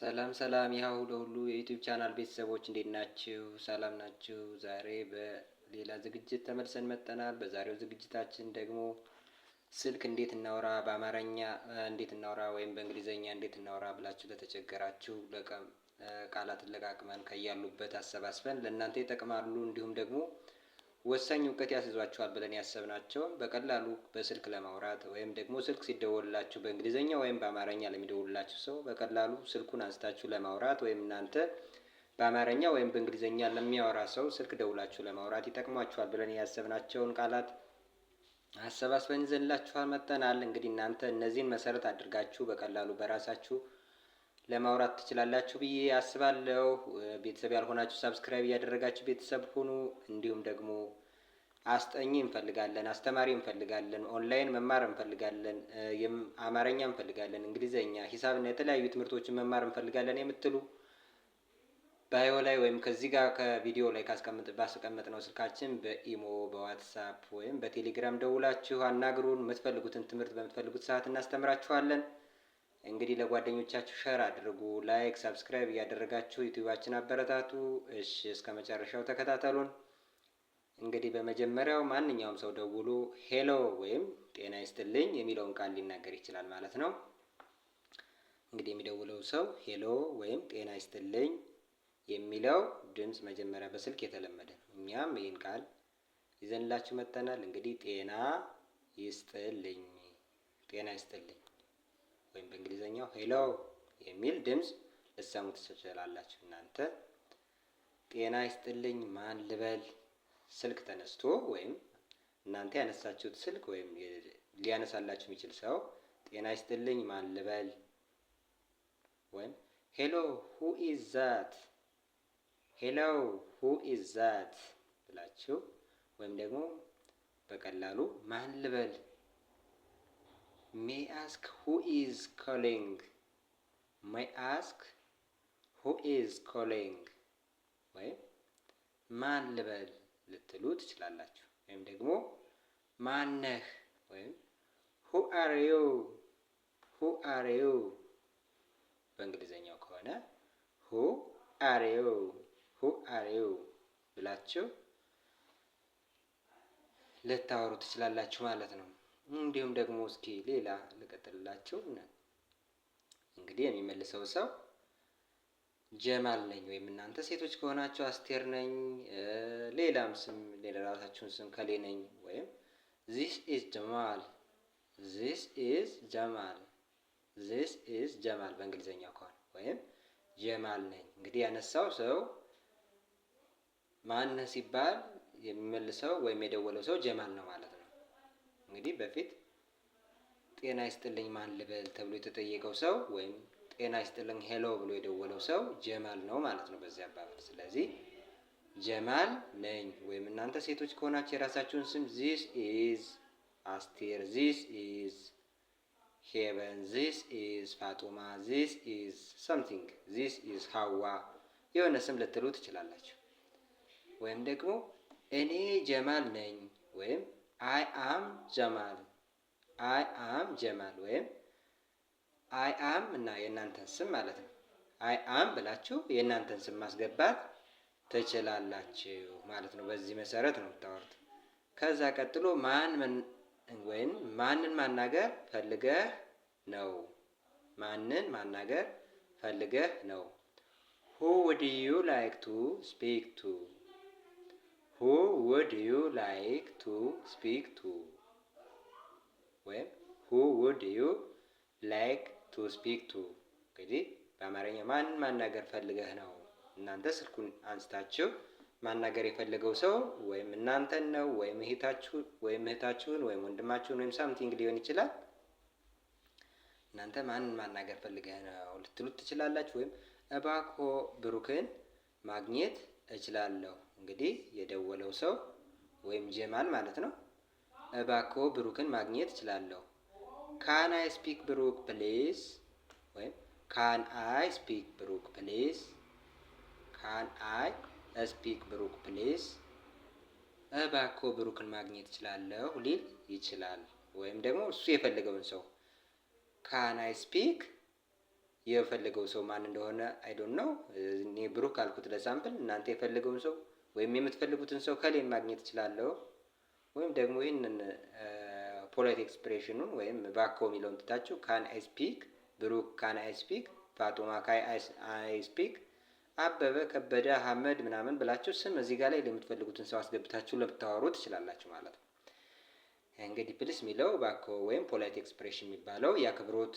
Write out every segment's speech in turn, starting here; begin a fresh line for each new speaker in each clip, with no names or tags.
ሰላም ሰላም ይኸው ለሁሉ የዩቲዩብ ቻናል ቤተሰቦች እንዴት ናችሁ? ሰላም ናችሁ? ዛሬ በሌላ ዝግጅት ተመልሰን መጥተናል። በዛሬው ዝግጅታችን ደግሞ ስልክ እንዴት እናውራ፣ በአማርኛ እንዴት እናውራ ወይም በእንግሊዝኛ እንዴት እናውራ ብላችሁ ለተቸገራችሁ ቃላት ለቃቅመን ከያሉበት አሰባስበን ለእናንተ ይጠቅማሉ እንዲሁም ደግሞ ወሳኝ እውቀት ያስይዟቸዋል ብለን ያሰብናቸውን በቀላሉ በስልክ ለማውራት ወይም ደግሞ ስልክ ሲደወልላችሁ በእንግሊዝኛ ወይም በአማርኛ ለሚደውልላችሁ ሰው በቀላሉ ስልኩን አንስታችሁ ለማውራት ወይም እናንተ በአማርኛ ወይም በእንግሊዝኛ ለሚያወራ ሰው ስልክ ደውላችሁ ለማውራት ይጠቅሟችኋል ብለን ያሰብናቸውን ቃላት አሰባስበን ይዘንላችኋል መጥተናል። እንግዲህ እናንተ እነዚህን መሰረት አድርጋችሁ በቀላሉ በራሳችሁ ለማውራት ትችላላችሁ ብዬ አስባለሁ። ቤተሰብ ያልሆናችሁ ሳብስክራይብ እያደረጋችሁ ቤተሰብ ሁኑ። እንዲሁም ደግሞ አስጠኚ እንፈልጋለን፣ አስተማሪ እንፈልጋለን፣ ኦንላይን መማር እንፈልጋለን፣ አማርኛ እንፈልጋለን፣ እንግሊዝኛ፣ ሂሳብና የተለያዩ ትምህርቶችን መማር እንፈልጋለን የምትሉ ባዮ ላይ ወይም ከዚህ ጋር ከቪዲዮ ላይ ባስቀመጥ ነው ስልካችን በኢሞ በዋትሳፕ ወይም በቴሌግራም ደውላችሁ አናግሩን። የምትፈልጉትን ትምህርት በምትፈልጉት ሰዓት እናስተምራችኋለን። እንግዲህ ለጓደኞቻችሁ ሸር አድርጉ፣ ላይክ ሰብስክራይብ እያደረጋችሁ ዩቲዩባችን አበረታቱ። እሺ እስከ መጨረሻው ተከታተሉን። እንግዲህ በመጀመሪያው ማንኛውም ሰው ደውሎ ሄሎ ወይም ጤና ይስጥልኝ የሚለውን ቃል ሊናገር ይችላል ማለት ነው። እንግዲህ የሚደውለው ሰው ሄሎ ወይም ጤና ይስጥልኝ የሚለው ድምፅ መጀመሪያ በስልክ የተለመደ ነው። እኛም ይህን ቃል ይዘንላችሁ መጥተናል። እንግዲህ ጤና ይስጥልኝ ጤና ይስጥልኝ ወይም በእንግሊዘኛው ሄሎ የሚል ድምፅ ልትሰሙ ትችላላችሁ። እናንተ ጤና ይስጥልኝ ማን ልበል? ስልክ ተነስቶ ወይም እናንተ ያነሳችሁት ስልክ ወይም ሊያነሳላችሁ የሚችል ሰው ጤና ይስጥልኝ ማን ልበል? ወይም ሄሎ ሁ ኢዝ ዛት፣ ሄሎ ሁ ኢዝ ዛት ብላችሁ ወይም ደግሞ በቀላሉ ማን ልበል may ask who is calling may ask who is calling ወይም ማን ልበል ልትሉ ትችላላችሁ። ወይም ደግሞ ማነህ ወይም who are you who are you በእንግሊዘኛው ከሆነ who are you who are you ብላችሁ ልታወሩ ትችላላችሁ ማለት ነው። እንዲሁም ደግሞ እስኪ ሌላ ልቀጥልላችሁ። እንግዲህ የሚመልሰው ሰው ጀማል ነኝ ወይም እናንተ ሴቶች ከሆናችሁ አስቴር ነኝ፣ ሌላም ስም ራሳችሁን ስም ከሌ ነኝ ወይም ዚስ ኢዝ ጀማል፣ ዚስ ኢዝ ጀማል፣ ዚስ ኢዝ ጀማል በእንግሊዝኛው ከሆነ ወይም ጀማል ነኝ። እንግዲህ ያነሳው ሰው ማነህ ሲባል የሚመልሰው ወይም የደወለው ሰው ጀማል ነው ማለት ነው። እንግዲህ በፊት ጤና ይስጥልኝ ማን ልበል ተብሎ የተጠየቀው ሰው ወይም ጤና ይስጥልኝ ሄሎ ብሎ የደወለው ሰው ጀማል ነው ማለት ነው በዚህ አባባል። ስለዚህ ጀማል ነኝ ወይም እናንተ ሴቶች ከሆናችሁ የራሳችሁን ስም ዚስ ኢዝ አስቴር፣ ዚስ ኢዝ ሄቨን፣ ዚስ ኢዝ ፋጡማ፣ ዚስ ኢዝ ሰምቲንግ፣ ዚስ ኢዝ ሀዋ የሆነ ስም ልትሉ ትችላላችሁ። ወይም ደግሞ እኔ ጀማል ነኝ ወይም አይ አም ጀማል አይ አም ጀማል ወይም አይ አም እና የእናንተን ስም ማለት ነው። አይ አም ብላችሁ የእናንተን ስም ማስገባት ትችላላችሁ ማለት ነው። በዚህ መሰረት ነው የምታወሩት። ከዛ ቀጥሎ ማን ወይም ማንን ማናገር ፈልገህ ነው? ማንን ማናገር ፈልገህ ነው? ሁ ውድ ዩ ላይክ ቱ ስፒክ ቱ ሁ ውድ ዩ ላይክ ቱ ስፒክ ቱ ወይም ሁ ውድ ዩ ላይክ ቱ ስፒክ ቱ። እንግዲህ በአማርኛ ማን ማናገር ፈልገህ ነው? እናንተ ስልኩን አንስታችሁ ማናገር የፈለገው ሰው ወይም እናንተን ነው ወይም እህታችሁን ወይም እህታችሁን ወይም ወንድማችሁን ወይም ሳምቲንግ ሊሆን ይችላል። እናንተ ማንን ማናገር ፈልገህ ነው ልትሉት ትችላላችሁ። ወይም እባክዎ ብሩክን ማግኘት እችላለሁ። እንግዲህ የደወለው ሰው ወይም ጀማል ማለት ነው እባክዎ ብሩክን ማግኘት እችላለሁ። ካን አይ ስፒክ ብሩክ ፕሊዝ ወይም ካን አይ ስፒክ ብሩክ ፕሊዝ፣ ካን አይ ስፒክ ብሩክ ፕሊዝ፣ እባክዎ ብሩክን ማግኘት እችላለሁ ሊል ይችላል። ወይም ደግሞ እሱ የፈለገውን ሰው ካን አይ ስፒክ የፈለገው ሰው ማን እንደሆነ አይዶን ነው። እኔ ብሩክ ካልኩት ለሳምፕል። እናንተ የፈለገውን ሰው ወይም የምትፈልጉትን ሰው ከሌን ማግኘት እችላለሁ። ወይም ደግሞ ይህንን ፖላይት ኤክስፕሬሽኑን ወይም ባኮ የሚለውን ትታችሁ ካን አይ ስፒክ፣ ብሩክ ካን አይ ስፒክ፣ ፋቶማ ካይ አይ ስፒክ፣ አበበ ከበደ፣ አህመድ ምናምን ብላችሁ ስም እዚህ ጋር ላይ ለምትፈልጉትን ሰው አስገብታችሁ ልታወሩ ትችላላችሁ ማለት ነው። እንግዲህ ፕሊስ የሚለው ባኮ ወይም ፖላይት ኤክስፕሬሽን የሚባለው የአክብሮት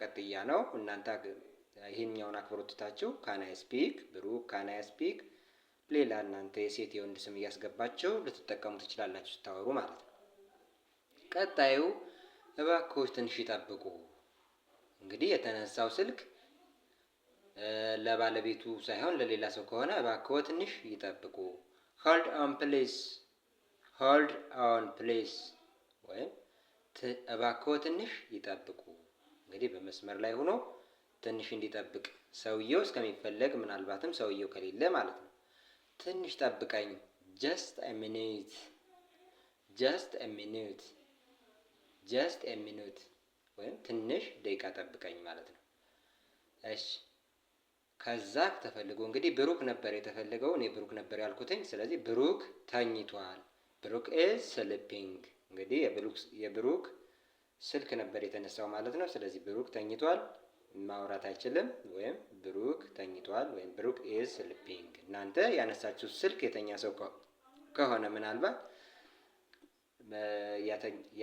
ቀጥያ ነው። እናንተ ይህኛውን አክብሮትታችሁ ካናይ ስፒክ ብሩክ፣ ካናይ ስፒክ ሌላ እናንተ የሴት የወንድ ስም እያስገባችሁ ልትጠቀሙ ትችላላችሁ ስታወሩ ማለት ነው። ቀጣዩ እባክዎች ትንሽ ይጠብቁ። እንግዲህ የተነሳው ስልክ ለባለቤቱ ሳይሆን ለሌላ ሰው ከሆነ እባክዎ ትንሽ ይጠብቁ። ሆልድ ኦን ፕሌስ ሆልድ ኦን ፕሌስ ወይም እባክዎ ትንሽ ይጠብቁ እንግዲህ በመስመር ላይ ሆኖ ትንሽ እንዲጠብቅ ሰውየው እስከሚፈለግ ምናልባትም ሰውየው ከሌለ ማለት ነው። ትንሽ ጠብቀኝ፣ ጀስት ኤ ሚኒት፣ ጀስት ሚኒት፣ ጀስት ሚኒት ወይም ትንሽ ደቂቃ ጠብቀኝ ማለት ነው። እሺ ከዛ ተፈልጎ እንግዲህ ብሩክ ነበር የተፈለገው። እኔ ብሩክ ነበር ያልኩትኝ። ስለዚህ ብሩክ ተኝቷል። ብሩክ ኢዝ ስሊፒንግ። እንግዲህ የብሩክ ስልክ ነበር የተነሳው ማለት ነው። ስለዚህ ብሩክ ተኝቷል ማውራት አይችልም፣ ወይም ብሩክ ተኝቷል ወይም ብሩክ ኢዝ ስሊፒንግ። እናንተ ያነሳችሁ ስልክ የተኛ ሰው ከሆነ ምናልባት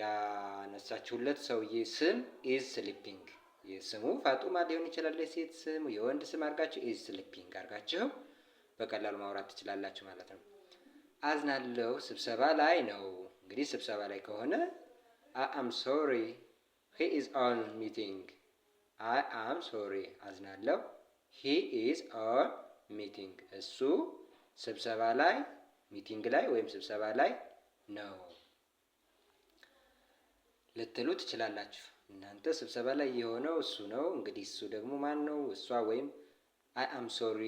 ያነሳችሁለት ሰውዬ ስም ኢዝ ስሊፒንግ ስሙ ፋጡማ ሊሆን ይችላል፣ የሴት ስም የወንድ ስም አድርጋችሁ ኢዝ ስሊፒንግ አድርጋችሁ በቀላሉ ማውራት ትችላላችሁ ማለት ነው። አዝናለሁ ስብሰባ ላይ ነው። እንግዲህ ስብሰባ ላይ ከሆነ አይ አም ሶሪ ሂ ኢዝ ኦን ሚቲንግ። አይ አም ሶሪ አዝናለሁ። ሂ ኢዝ ኦን ሚቲንግ እሱ ስብሰባ ላይ ሚቲንግ ላይ ወይም ስብሰባ ላይ ነው ልትሉ ትችላላችሁ። እናንተ ስብሰባ ላይ የሆነው እሱ ነው። እንግዲህ እሱ ደግሞ ማን ነው? እሷ ወይም አይ አም ሶሪ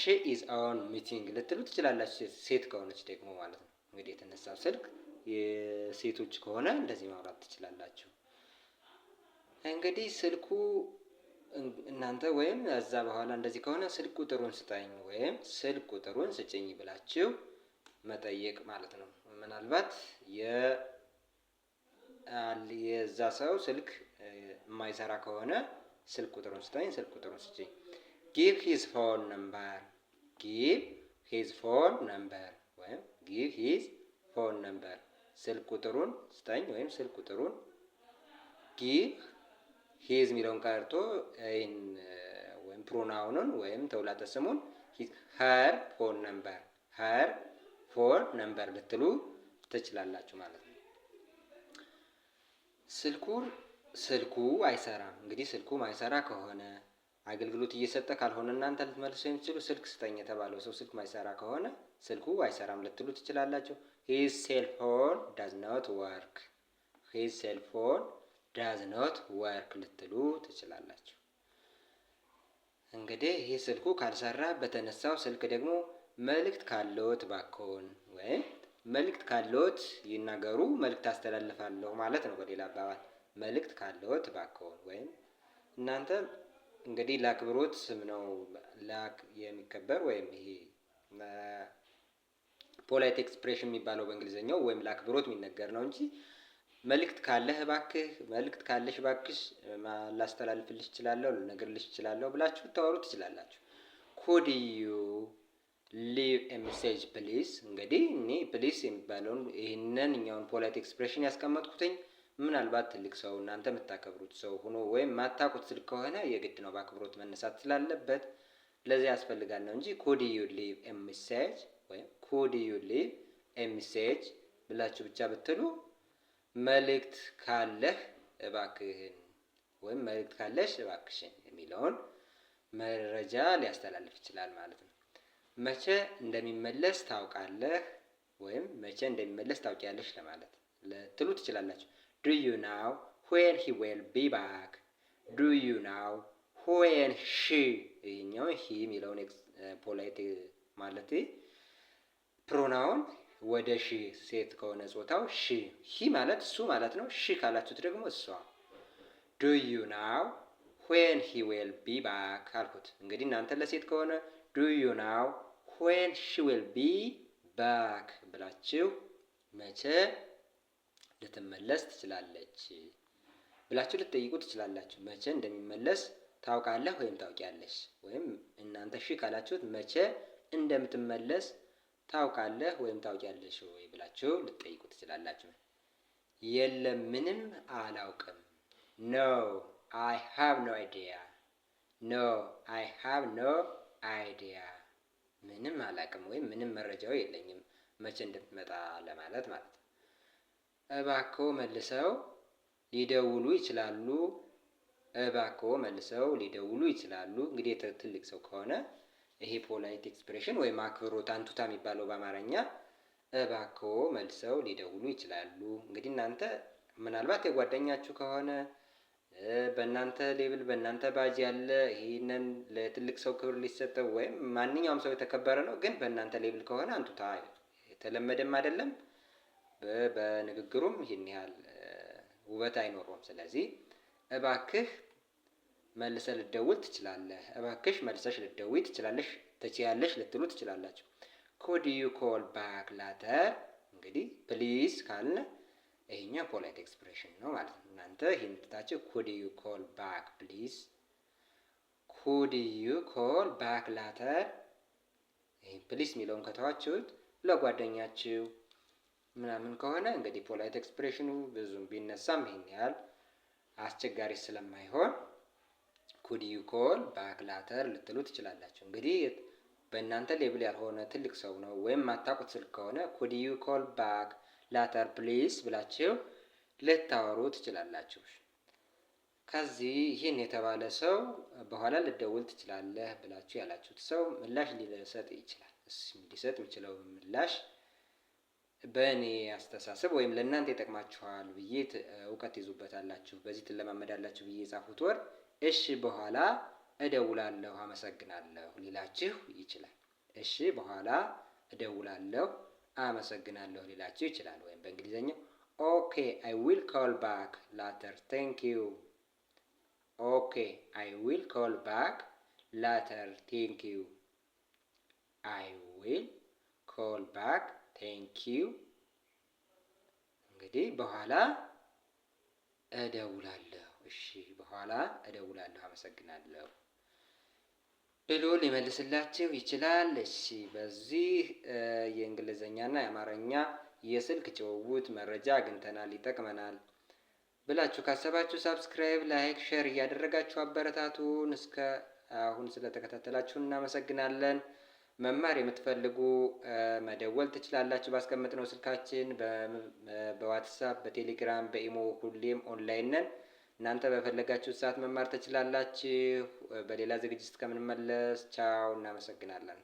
ሺ ኢዝ ኦን ሚቲንግ ልትሉ ትችላላችሁ፣ ሴት ከሆነች ደግሞ ማለት ነው። እንግዲህ የተነሳው ስልክ የሴቶች ከሆነ እንደዚህ ማውራት ትችላላችሁ። እንግዲህ ስልኩ እናንተ ወይም እዛ በኋላ እንደዚህ ከሆነ ስልክ ቁጥሩን ስጠኝ ወይም ስልክ ቁጥሩን ስጭኝ ብላችሁ መጠየቅ ማለት ነው። ምናልባት የዛ ሰው ስልክ የማይሰራ ከሆነ ስልክ ቁጥሩን ስጠኝ፣ ስልክ ቁጥሩን ስጭኝ። ጊቭ ሂዝ ፎን ነምበር፣ ጊቭ ሂዝ ፎን ነምበር ወይም ጊቭ ሂዝ ፎን ነምበር ስልክ ቁጥሩን ስጠኝ ወይም ስልክ ቁጥሩን ጊቭ ሂዝ የሚለውን ቀርቶ ይህን ወይም ፕሮናውንን ወይም ተውላጠ ስሙን ሀር ፎን ነምበር ሀር ፎን ነምበር ልትሉ ትችላላችሁ ማለት ነው። ስልኩን ስልኩ አይሰራም። እንግዲህ ስልኩ ማይሰራ ከሆነ አገልግሎት እየሰጠ ካልሆነ እናንተ ልትመልሱ የምትችሉ ስልክ ስጠኝ የተባለው ሰው ስልክ ማይሰራ ከሆነ ስልኩ አይሰራም ልትሉ ትችላላችሁ። ሂዝ ሴልፎን ዳዝ ኖት ወርክ፣ ሂዝ ሴልፎን ዳዝ ኖት ወርክ ልትሉ ትችላላችሁ። እንግዲህ ይህ ስልኩ ካልሰራ በተነሳው ስልክ ደግሞ መልእክት ካለዎት ባኮን ወይም መልእክት ካለዎት ይናገሩ፣ መልእክት አስተላልፋለሁ ማለት ነው። በሌላ አባባል መልእክት ካለዎት ባኮን ወይም እናንተ እንግዲህ ለአክብሮት ስም ነው ላክ የሚከበር ወይም ይሄ ፖላይት ኤክስፕሬሽን የሚባለው በእንግሊዝኛው ወይም ለአክብሮት የሚነገር ነው እንጂ መልእክት ካለህ እባክህ፣ መልእክት ካለሽ እባክሽ፣ ላስተላልፍልሽ እችላለሁ፣ ልነግርልሽ እችላለሁ ብላችሁ ልታወሩ ትችላላችሁ። ኩድ ዩ ሊቭ ኤ ሜሴጅ ፕሊዝ። እንግዲህ እኔ ፕሊስ የሚባለውን ይህንን እኛውን ፖላይት ኤክስፕሬሽን ያስቀመጥኩትኝ ምናልባት ትልቅ ሰው እናንተ የምታከብሩት ሰው ሆኖ ወይም ማታውቁት ስልክ ከሆነ የግድ ነው በአክብሮት መነሳት ስላለበት ለዚያ ያስፈልጋል ነው እንጂ ኩድ ዩ ሊቭ ኤ ሜሴጅ ሁድ ዩ ሊቭ ኤሚሴጅ ብላችሁ ብቻ ብትሉ መልእክት ካለህ እባክህን ወይም መልእክት ካለሽ እባክሽን የሚለውን መረጃ ሊያስተላልፍ ይችላል ማለት ነው። መቼ እንደሚመለስ ታውቃለህ ወይም መቼ እንደሚመለስ ታውቂያለሽ ለማለት ልትሉ ትችላላችሁ። ዱ ዩ ናው ዌን ሂ ዌል ቢ ባክ። ዱ ዩ ናው ዌን ሺ ይህኛውን ሂ የሚለውን ፖላይት ማለት ፕሮናውን ወደ ሺ ሴት ከሆነ ጾታው ሺ ሂ ማለት እሱ ማለት ነው። ሺ ካላችሁት ደግሞ እሷ። ዱ ዩ ናው ዌን ሂ ዌል ቢ ባክ አልኩት። እንግዲህ እናንተ ለሴት ከሆነ ዱ ዩ ናው ዌን ሺ ዌል ቢ ባክ ብላችሁ መቼ ልትመለስ ትችላለች ብላችሁ ልትጠይቁ ትችላላችሁ። መቼ እንደሚመለስ ታውቃለህ ወይም ታውቂያለሽ ወይም እናንተ ሺ ካላችሁት መቼ እንደምትመለስ ታውቃለህ ወይም ታውቂያለሽ ወይ ብላችሁ ልትጠይቁ ትችላላችሁ። የለም ምንም አላውቅም። ኖ አይ ሃቭ ኖ አይዲያ። ኖ አይ ሃቭ ኖ አይዲያ። ምንም አላውቅም ወይም ምንም መረጃው የለኝም መቼ እንደምትመጣ ለማለት ማለት ነው። እባክዎ መልሰው ሊደውሉ ይችላሉ። እባክዎ መልሰው ሊደውሉ ይችላሉ። እንግዲህ ትልቅ ሰው ከሆነ ይሄ ፖላይት ኤክስፕሬሽን ወይም አክብሮት አንቱታ የሚባለው በአማርኛ እባክዎ መልሰው ሊደውሉ ይችላሉ። እንግዲህ እናንተ ምናልባት የጓደኛችሁ ከሆነ በእናንተ ሌብል በእናንተ ባጅ ያለ ይህንን ለትልቅ ሰው ክብር ሊሰጠው ወይም ማንኛውም ሰው የተከበረ ነው፣ ግን በእናንተ ሌብል ከሆነ አንቱታ የተለመደም አይደለም፣ በንግግሩም ይህን ያህል ውበት አይኖረውም። ስለዚህ እባክህ መልሰ ልደውል ትችላለህ፣ እባክሽ መልሰሽ ልደውይ ትችላለሽ፣ ትችያለሽ ልትሉ ትችላላችሁ። ኩድ ዩ ኮል ባክ ላተር እንግዲህ ፕሊዝ ካልን ይሄኛው ፖላይት ኤክስፕሬሽን ነው ማለት ነው። እናንተ ይሄን ትታችሁ ኩድ ዩ ኮል ባክ ፕሊዝ፣ ኩድ ዩ ኮል ባክ ላተር። ይሄ ፕሊዝ የሚለውን ከተዋችሁት ለጓደኛችሁ ምናምን ከሆነ እንግዲህ ፖላይት ኤክስፕሬሽኑ ብዙም ቢነሳም ይሄን ያህል አስቸጋሪ ስለማይሆን ኩድ ዩ ኮል ባክ ላተር ልትሉ ትችላላችሁ። እንግዲህ በእናንተ ሌብል ያልሆነ ትልቅ ሰው ነው ወይም ማታውቁት ስልክ ከሆነ ኩድ ዩ ኮል ባክ ላተር ፕሊስ ብላችሁ ልታወሩ ትችላላችሁ። ከዚህ ይህን የተባለ ሰው በኋላ ልደውል ትችላለህ ብላችሁ ያላችሁት ሰው ምላሽ ሊሰጥ ይችላል። ሊሰጥ የሚችለው ምላሽ በእኔ አስተሳሰብ ወይም ለእናንተ ይጠቅማችኋል ብዬ እውቀት ይዙበታላችሁ፣ በዚህ ትለማመዳላችሁ ብዬ የጻፉት ወር እሺ በኋላ እደውላለሁ አመሰግናለሁ ሊላችሁ ይችላል። እሺ በኋላ እደውላለሁ አመሰግናለሁ ሊላችሁ ይችላል። ወይም በእንግሊዝኛ ኦኬ አይ ዊል ኮል ባክ ላተር ቴንክ ዩ። ኦኬ አይ ዊል ኮል ባክ ላተር ቴንክ ዩ። አይ ዊል ኮል ባክ ቴንክ ዩ። እንግዲህ በኋላ እደውላለሁ። እሺ ኋላ እደውላለሁ። አመሰግናለሁ ብሎ ሊመልስላቸው ይችላል። እሺ፣ በዚህ የእንግሊዝኛና የአማርኛ የስልክ ጭውውት መረጃ አግኝተናል፣ ይጠቅመናል ብላችሁ ካሰባችሁ ሳብስክራይብ፣ ላይክ፣ ሼር እያደረጋችሁ አበረታቱን። እስከ አሁን ስለተከታተላችሁ እናመሰግናለን። መማር የምትፈልጉ መደወል ትችላላችሁ። ነው ስልካችን በዋትሳፕ፣ በቴሌግራም፣ በኢሞ ሁሌም ኦንላይን ነን። እናንተ በፈለጋችሁት ሰዓት መማር ትችላላችሁ። በሌላ ዝግጅት ከምንመለስ ቻው፣ እናመሰግናለን።